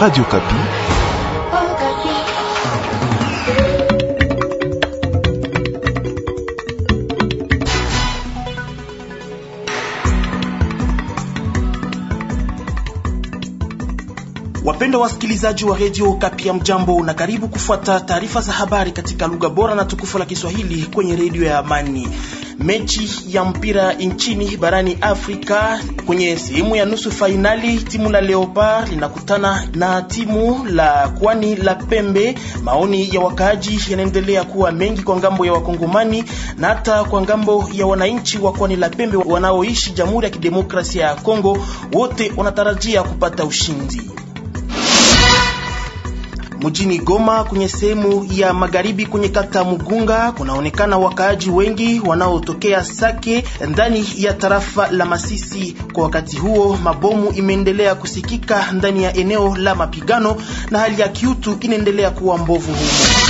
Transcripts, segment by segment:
Radio Kapi. Wapendwa wasikilizaji wa redio Kapi, ya mjambo na karibu kufuata taarifa za habari katika lugha bora na tukufu la Kiswahili kwenye redio ya Amani mechi ya mpira nchini barani Afrika kwenye sehemu ya nusu fainali, timu la Leopard linakutana na timu la Kwani la Pembe. Maoni ya wakaaji yanaendelea kuwa mengi kwa ngambo ya Wakongomani na hata kwa ngambo ya wananchi wa Kwani la Pembe wanaoishi Jamhuri ya Kidemokrasia ya Kongo, wote wanatarajia kupata ushindi. Mjini Goma kwenye sehemu ya magharibi kwenye kata Mugunga kunaonekana wakaaji wengi wanaotokea Sake ndani ya tarafa la Masisi. Kwa wakati huo, mabomu imeendelea kusikika ndani ya eneo la mapigano na hali ya kiutu inaendelea kuwa mbovu humo.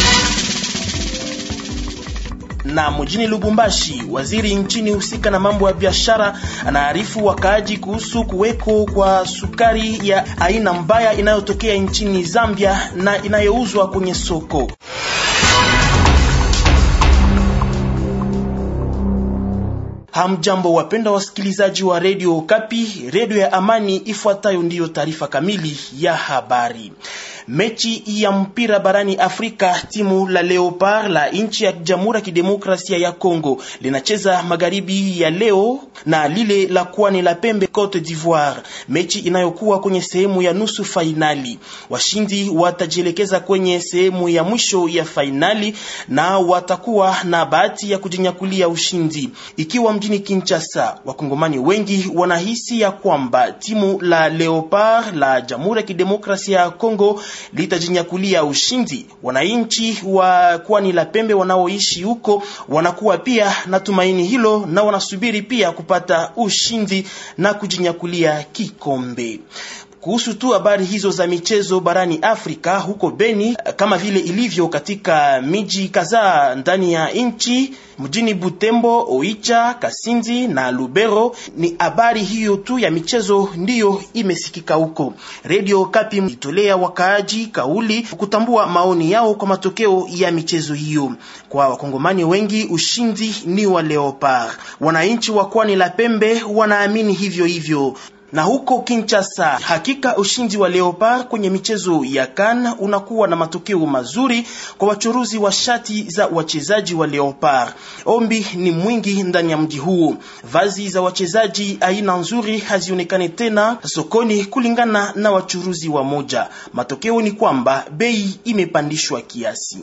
Na mjini Lubumbashi, waziri nchini husika na mambo ya biashara anaarifu wakaaji kuhusu kuweko kwa sukari ya aina mbaya inayotokea nchini Zambia na inayouzwa kwenye soko. Hamjambo, wapenda wasikilizaji wa redio Kapi, redio ya Amani. Ifuatayo ndiyo taarifa kamili ya habari. Mechi ya mpira barani Afrika, timu la Leopard la nchi ya Jamhuri ya Kidemokrasia ya Kongo linacheza magharibi ya leo na lile la Kwani la Pembe Cote d'Ivoire, mechi inayokuwa kwenye sehemu ya nusu fainali. Washindi watajielekeza kwenye sehemu ya mwisho ya fainali na watakuwa na bahati ya kujinyakulia ushindi. Ikiwa mjini Kinshasa, wakongomani wengi wanahisi ya kwamba timu la Leopard la Jamhuri ya Kidemokrasia ya Kongo litajinyakulia ushindi. Wananchi wa ni la Pembe wanaoishi huko wanakuwa pia na tumaini hilo na wanasubiri pia kupata ushindi na kujinyakulia kikombe. Kuhusu tu habari hizo za michezo barani Afrika, huko Beni kama vile ilivyo katika miji kadhaa ndani ya nchi, mjini Butembo, Oicha, Kasinzi na Lubero, ni habari hiyo tu ya michezo ndiyo imesikika huko. Radio Kapi itolea wakaaji kauli kutambua maoni yao kwa matokeo ya michezo hiyo. Kwa wakongomani wengi, ushindi ni wa Leopard. Wananchi wa Kwani la Pembe wanaamini hivyo hivyo. Na huko Kinshasa, hakika ushindi wa Leopard kwenye michezo ya CAN unakuwa na matokeo mazuri kwa wachuruzi wa shati za wachezaji wa Leopard. Ombi ni mwingi ndani ya mji huu. Vazi za wachezaji aina nzuri hazionekane tena sokoni kulingana na wachuruzi wa moja. Matokeo ni kwamba bei imepandishwa kiasi.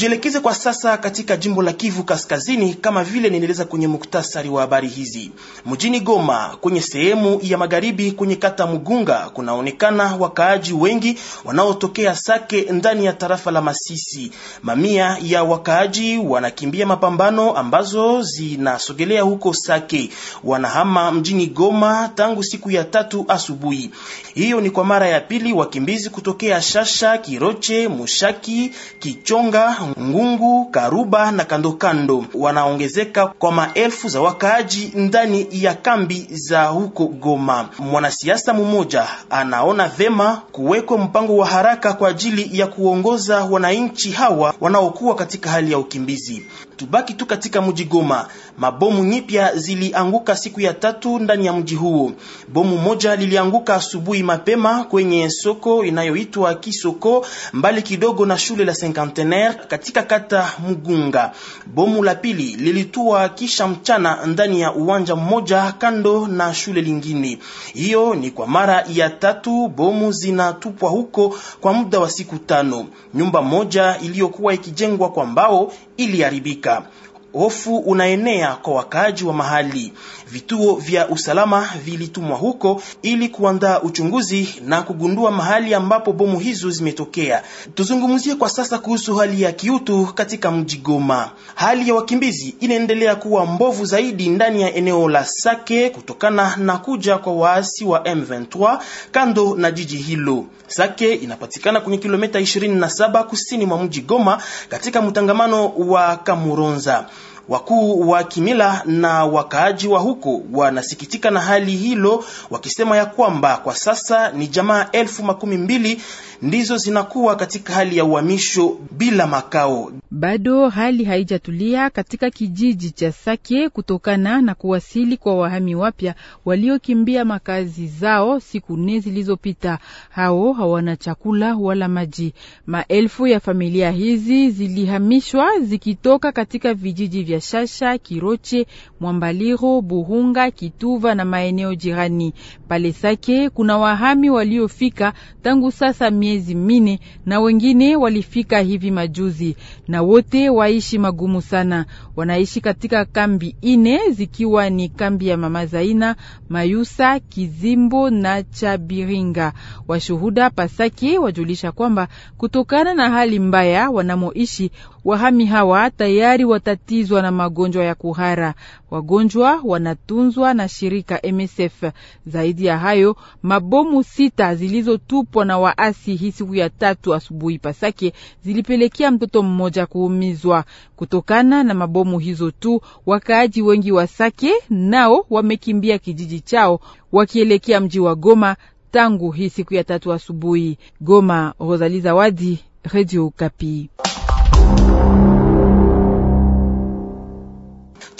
Tujielekeze kwa sasa katika jimbo la Kivu Kaskazini, kama vile nieleza kwenye muktasari wa habari hizi. Mjini Goma, kwenye sehemu ya magharibi, kwenye kata Mugunga, kunaonekana wakaaji wengi wanaotokea Sake ndani ya tarafa la Masisi. Mamia ya wakaaji wanakimbia mapambano ambazo zinasogelea huko Sake, wanahama mjini Goma tangu siku ya tatu asubuhi. Hiyo ni kwa mara ya pili wakimbizi kutokea Shasha, Kiroche, Mushaki, Kichonga Ngungu, Karuba na kandokando wanaongezeka kwa maelfu za wakaaji ndani ya kambi za huko Goma. Mwanasiasa mmoja anaona vema kuwekwa mpango wa haraka kwa ajili ya kuongoza wananchi hawa wanaokuwa katika hali ya ukimbizi. Tubaki tu katika mji Goma. Mabomu nyipya zilianguka siku ya tatu ndani ya mji huo. Bomu moja lilianguka asubuhi mapema kwenye soko inayoitwa Kisoko, mbali kidogo na shule la Cinquantenaire katika kata Mugunga. Bomu la pili lilitua kisha mchana ndani ya uwanja mmoja kando na shule lingine. Hiyo ni kwa mara ya tatu bomu zinatupwa huko kwa muda wa siku tano. Nyumba moja iliyokuwa ikijengwa kwa mbao iliharibika hofu unaenea kwa wakaaji wa mahali. Vituo vya usalama vilitumwa huko ili kuandaa uchunguzi na kugundua mahali ambapo bomu hizo zimetokea. Tuzungumzie kwa sasa kuhusu hali ya kiutu katika mji Goma. Hali ya wakimbizi inaendelea kuwa mbovu zaidi ndani ya eneo la Sake kutokana na kuja kwa waasi wa M23 kando na jiji hilo. Sake inapatikana kwenye kilomita 27 kusini mwa mji Goma katika mtangamano wa Kamuronza. Wakuu wa kimila na wakaaji wa huko wanasikitika na hali hilo, wakisema ya kwamba kwa sasa ni jamaa elfu makumi mbili ndizo zinakuwa katika hali ya uhamisho bila makao. Bado hali haijatulia katika kijiji cha Sake kutokana na kuwasili kwa wahami wapya waliokimbia makazi zao siku nne zilizopita. Hao hawana chakula wala maji. Maelfu ya familia hizi zilihamishwa zikitoka katika vijiji vya Shasha, Kiroche, Mwambaliro, Buhunga, Kituva na maeneo jirani. Pale Sake kuna wahami waliofika tangu sasa miezi mine na wengine walifika hivi majuzi, na wote waishi magumu sana. Wanaishi katika kambi ine zikiwa ni kambi ya Mama Zaina, Mayusa, Kizimbo na Chabiringa. Washuhuda Pasake wajulisha kwamba kutokana na hali mbaya wanamoishi Wahami hawa tayari watatizwa na magonjwa ya kuhara. Wagonjwa wanatunzwa na shirika MSF. Zaidi ya hayo, mabomu sita zilizotupwa na waasi hii siku ya tatu asubuhi Pasake zilipelekea mtoto mmoja kuumizwa. Kutokana na mabomu hizo tu, wakaaji wengi wa Sake nao wamekimbia kijiji chao wakielekea mji wa Goma tangu hii siku ya tatu asubuhi. Goma, rosali Zawadi, Radio Kapi.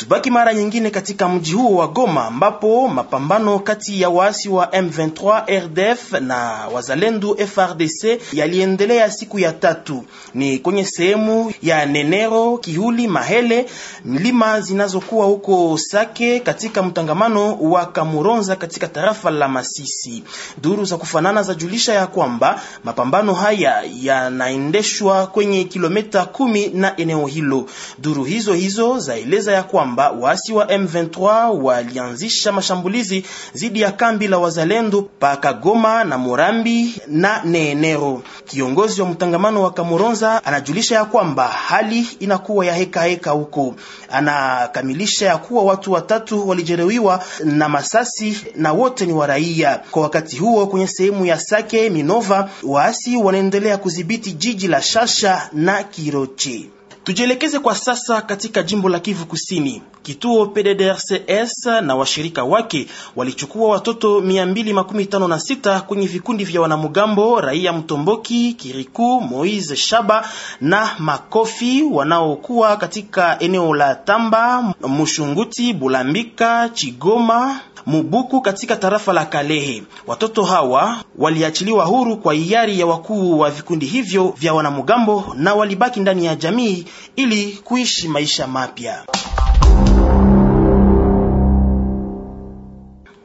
Tubaki mara nyingine katika mji huo wa Goma ambapo mapambano kati ya waasi wa M23 RDF na wazalendo FRDC yaliendelea siku ya tatu. Ni kwenye sehemu ya Nenero, Kihuli, Mahele, milima zinazokuwa huko Sake katika mtangamano wa Kamuronza katika tarafa la Masisi. Duru za kufanana za julisha ya kwamba mapambano haya yanaendeshwa kwenye kilomita kumi na eneo hilo. Duru hizo hizo zaeleza ya kwamba kwamba waasi wa M23 walianzisha mashambulizi dhidi ya kambi la wazalendo paka Goma na Morambi na Neenero. Kiongozi wa mtangamano wa kamoronza anajulisha ya kwamba hali inakuwa ya heka heka huko. Anakamilisha ya kuwa watu watatu walijeruhiwa na masasi na wote ni waraia. Kwa wakati huo, kwenye sehemu ya Sake Minova, waasi wanaendelea kudhibiti jiji la Shasha na Kirochi. Tujielekeze kwa sasa katika jimbo la Kivu Kusini. Kituo PDDRCS na washirika wake walichukua watoto 256 kwenye vikundi vya wanamugambo raia Mtomboki, Kiriku, Moise Shaba na Makofi wanaokuwa katika eneo la Tamba, Mushunguti, Bulambika, Chigoma, Mubuku katika tarafa la Kalehe. Watoto hawa waliachiliwa huru kwa hiari ya wakuu wa vikundi hivyo vya wanamugambo na walibaki ndani ya jamii ili kuishi maisha mapya.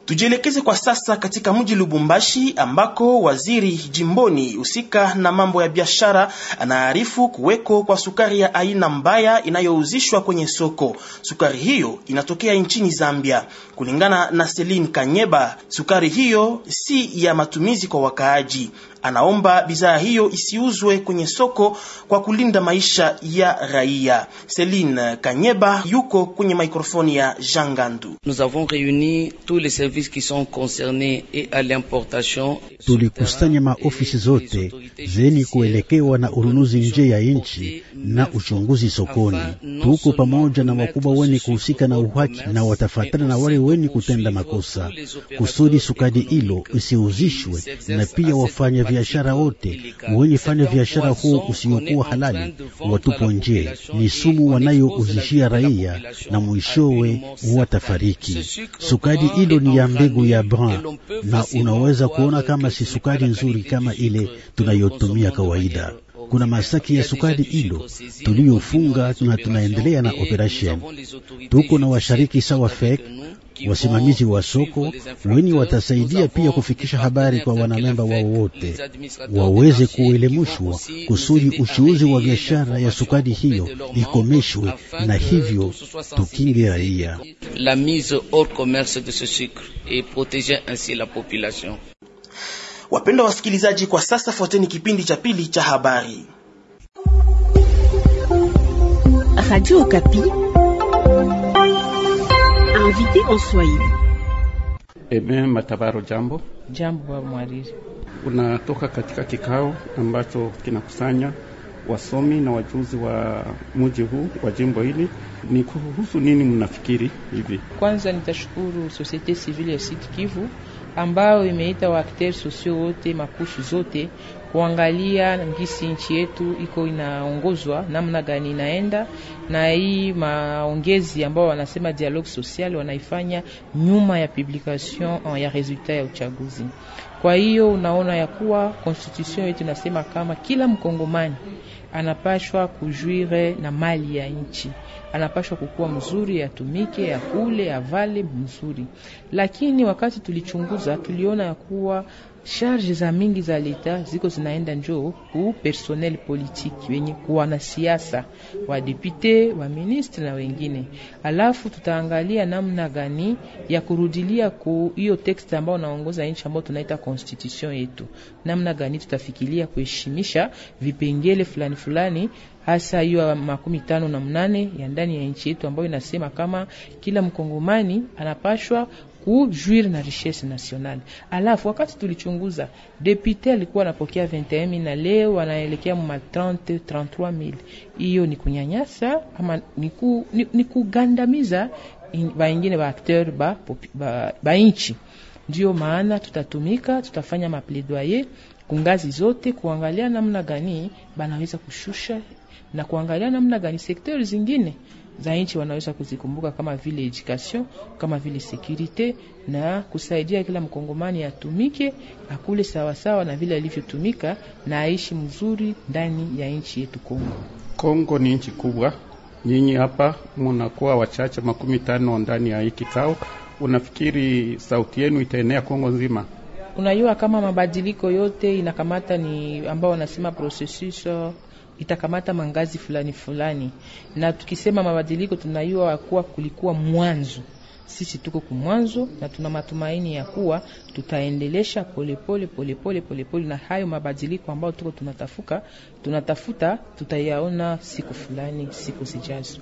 Tujielekeze kwa sasa katika mji Lubumbashi ambako waziri jimboni husika na mambo ya biashara anaarifu kuweko kwa sukari ya aina mbaya inayouzishwa kwenye soko. Sukari hiyo inatokea nchini Zambia. Kulingana na Celine Kanyeba, sukari hiyo si ya matumizi kwa wakaaji. Anaomba bidhaa hiyo isiuzwe kwenye soko kwa kulinda maisha ya raia. Celine Kanyeba yuko kwenye mikrofoni ya jean Nous avons reuni tous les services qui sont et à l'importation. Tulikusanya maofisi zote zeni kuelekewa na ununuzi nje ya nchi na uchunguzi sokoni. Tuko pamoja na wakubwa wenye kuhusika na uhaki na watafatana na wale wenye kutenda makosa, kusudi sukadi hilo isiuzishwe, na pia wafanya biashara wote wenye fanya biashara huo usiokuwa halali watupo nje. Ni sumu wanayouzishia raia na mwishowe watafariki. sukadi hilo ni ya mbegu ya brun na unaweza kuona kama si sukari nzuri kama ile tunayotumia kawaida kuna masaki ya sukari ilo tuliyofunga, na tunaendelea na operation. Tuko na washariki sawa fek wasimamizi wa soko wenye watasaidia pia kufikisha habari kwa wanamemba wao wote, waweze kuelemushwa kusudi uchuuzi wa biashara ya sukari hiyo ikomeshwe, na hivyo tukinge raia. Wapendwa wasikilizaji, kwa sasa fuateni kipindi cha pili cha habari. Eme eh, Matabaro, jambo. Jambo baba Unatoka katika kikao ambacho kinakusanya wasomi na wajuzi wa mji huu wa jimbo hili, ni kuhusu nini mnafikiri hivi? Kwanza nitashukuru societe civile ya Sud Kivu ambayo imeita wakter sosio wote makushu zote kuangalia ngisi nchi yetu iko inaongozwa namna gani inaenda, na hii maongezi ambao wanasema dialogue social wanaifanya nyuma ya publication eh, ya resultat ya uchaguzi. Kwa hiyo unaona ya kuwa constitution yetu inasema kama kila mkongomani anapashwa kujuire na mali ya nchi, anapashwa kukuwa mzuri, atumike, akule, avale mzuri. Lakini wakati tulichunguza, tuliona ya kuwa Charge za mingi za leta ziko zinaenda njo ku personnel politique wenye kuwa na siasa wa député wa ministre na wengine. Alafu tutaangalia namna gani ya kurudilia ku hiyo text ambayo naongoza nchi ambayo tunaita constitution yetu, namna gani tutafikiria kuheshimisha vipengele fulani fulani hasa hiyo makumi tano na mnane ya ndani ya nchi yetu ambayo inasema kama kila mkongomani anapashwa kujuiri na richesse nationale. Alafu wakati tulichunguza depute alikuwa anapokea 21000 na leo anaelekea ma 30 33000. Hiyo ni kunyanyasa ama ni, ku, ni, ni kugandamiza baingine ba acteur ba, ba, ba inchi. Ndio maana tutatumika, tutafanya mapledoyer kungazi zote kuangalia namna gani banaweza kushusha na kuangalia namna gani sekta zingine za nchi wanaweza kuzikumbuka kama vile education, kama vile security na kusaidia kila mkongomani atumike akule sawasawa na vile alivyotumika na aishi mzuri ndani ya nchi yetu Kongo. Kongo ni nchi kubwa. Nyinyi hapa munakuwa wachache makumi tano ndani ya hii kikao. Unafikiri sauti yenu itaenea Kongo nzima? Unajua kama mabadiliko yote inakamata ni ambao wanasema processus itakamata mangazi fulani fulani, na tukisema mabadiliko tunayua kuwa kulikuwa mwanzo sisi tuko kumwanzo na tuna matumaini ya kuwa tutaendelesha polepole polepole polepole, na hayo mabadiliko ambayo tuko tunatafuka tunatafuta tutayaona siku fulani, siku zijazo.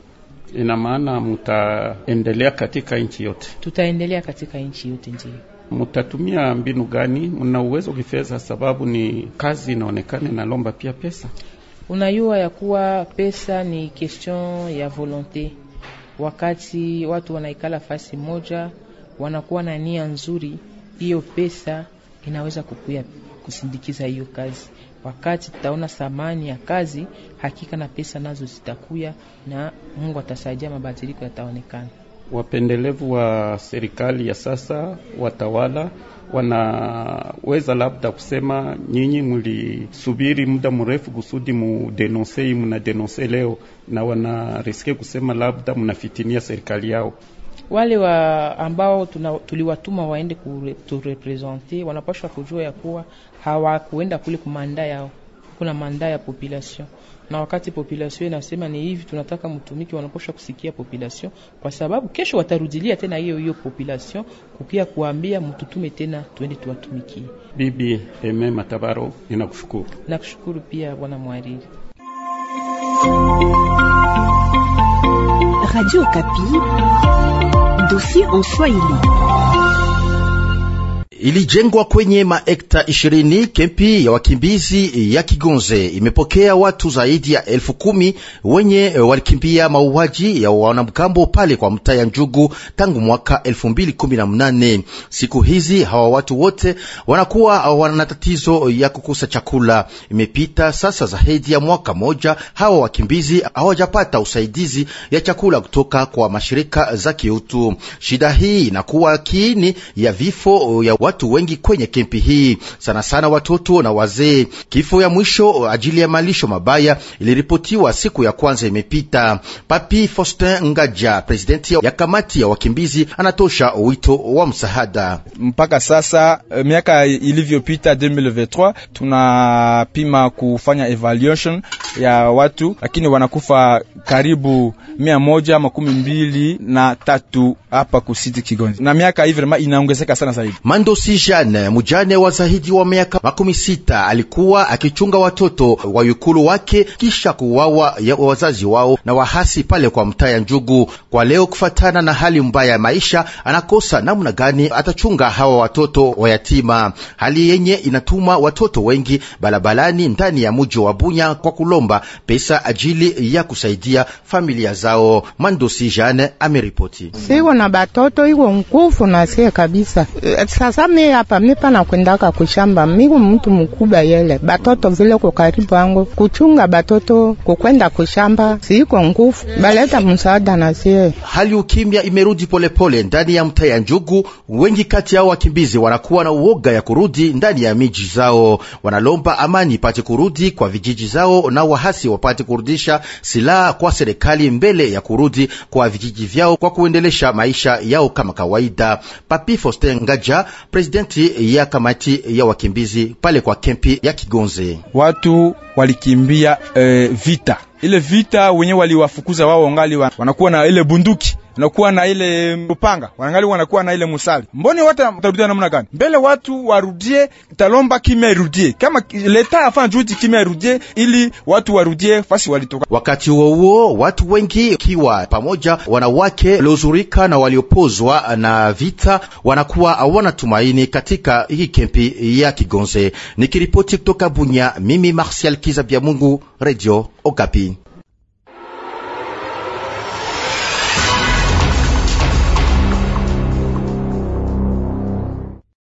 Ina maana mutaendelea katika nchi yote? Tutaendelea katika nchi yote, ndio. Mutatumia mbinu gani? Mna uwezo kifedha? Sababu ni kazi inaonekana inalomba pia pesa. Unayua ya kuwa pesa ni question ya volonte. Wakati watu wanaikala fasi moja, wanakuwa na nia nzuri, hiyo pesa inaweza kukuya kusindikiza hiyo kazi. Wakati tutaona thamani ya kazi, hakika na pesa nazo zitakuya, na Mungu atasaidia, mabadiliko yataonekana wapendelevu wa serikali ya sasa, watawala wanaweza labda kusema nyinyi mulisubiri muda mrefu kusudi mudenonsei, munadenonse leo, na wanariske kusema labda mnafitinia serikali yao. Wale wa ambao tuna, tuliwatuma waende kuturepresente wanapashwa kujua ya kuwa hawakuenda kule kumanda yao, kuna manda ya population na wakati population inasema ni hivi, tunataka mtumiki, wanaposha kusikia population, kwa sababu kesho watarudilia tena hiyo hiyo population kukia kuambia mtutume tena, twende tuwatumikie. Bibi Eme Matabaro, ninakushukuru. Nakushukuru pia bwana mwariri. Radio Kapi, dossier en Swahili ilijengwa kwenye maekta ishirini. Kempi ya wakimbizi ya Kigonze imepokea watu zaidi ya elfu kumi wenye eh, walikimbia mauaji ya wanamgambo pale kwa mtaa ya Njugu tangu mwaka elfu Siku hizi hawa watu wote wanakuwa wana tatizo ya kukosa chakula. Imepita sasa zaidi ya mwaka moja, hawa wakimbizi hawajapata usaidizi ya chakula kutoka kwa mashirika za kiutu. Shida hii inakuwa kiini ya vifo ya watu watu wengi kwenye kempi hii, sana sana watoto na wazee. Kifo ya mwisho ajili ya malisho mabaya iliripotiwa siku ya kwanza imepita. Papi Faustin Ngaja, presidenti ya kamati ya wakimbizi, anatosha wito wa msaada. Mpaka sasa e, miaka ilivyopita 2023 tunapima kufanya evaluation ya watu, lakini wanakufa karibu mia moja makumi mbili na tatu hapa kusiti Kigonzi, na miaka hii inaongezeka sana zaidi Mando Lusi mujane wa zaidi wa miaka makumi sita, alikuwa akichunga watoto wa yukulu wake kisha kuwawa ya wazazi wao na wahasi pale kwa mtaa ya Njugu. Kwa leo, kufatana na hali mbaya ya maisha, anakosa namna gani atachunga hawa watoto wayatima, hali yenye inatuma watoto wengi balabalani ndani ya muji wa Bunya kwa kulomba pesa ajili ya kusaidia familia zao. Mandosi Jeanne ameripoti. Siwa na batoto iwo nkufu na sie kabisa eh, sasa kame hapa mipa na kwendaka kushamba, miku mtu mkubwa yele batoto vile kukaribu karibu kuchunga batoto kukwenda kushamba, siiko ngufu baleta msaada na siye Hali ukimya imerudi polepole ndani ya mtaa ya Njugu. Wengi kati yao wakimbizi wanakuwa na uoga ya kurudi ndani ya miji zao, wanalomba amani ipate kurudi kwa vijiji zao na wahasi wapate kurudisha silaha kwa serikali mbele ya kurudi kwa vijiji vyao kwa kuendelesha maisha yao kama kawaida. Papi Foster Ngaja presidenti ya kamati ya wakimbizi pale kwa kempi ya Kigonze. Watu walikimbia eh, vita ile vita wenye waliwafukuza wao, ngali wanakuwa na ile bunduki wanakuwa na ile upanga, wanangali wanakuwa na ile musali. Mboni watu watarudia namna gani mbele? Watu warudie, talomba kime rudie kama leta afanye juhudi kime rudie ili watu warudie fasi walitoka. Wakati huo huo, watu wengi kiwa pamoja wanawake lozurika na waliopozwa na vita wanakuwa awana tumaini katika hii kempi ya Kigonze. Nikiripoti kutoka Bunya, mimi Martial Kiza Bya Mungu, Radio Okapi.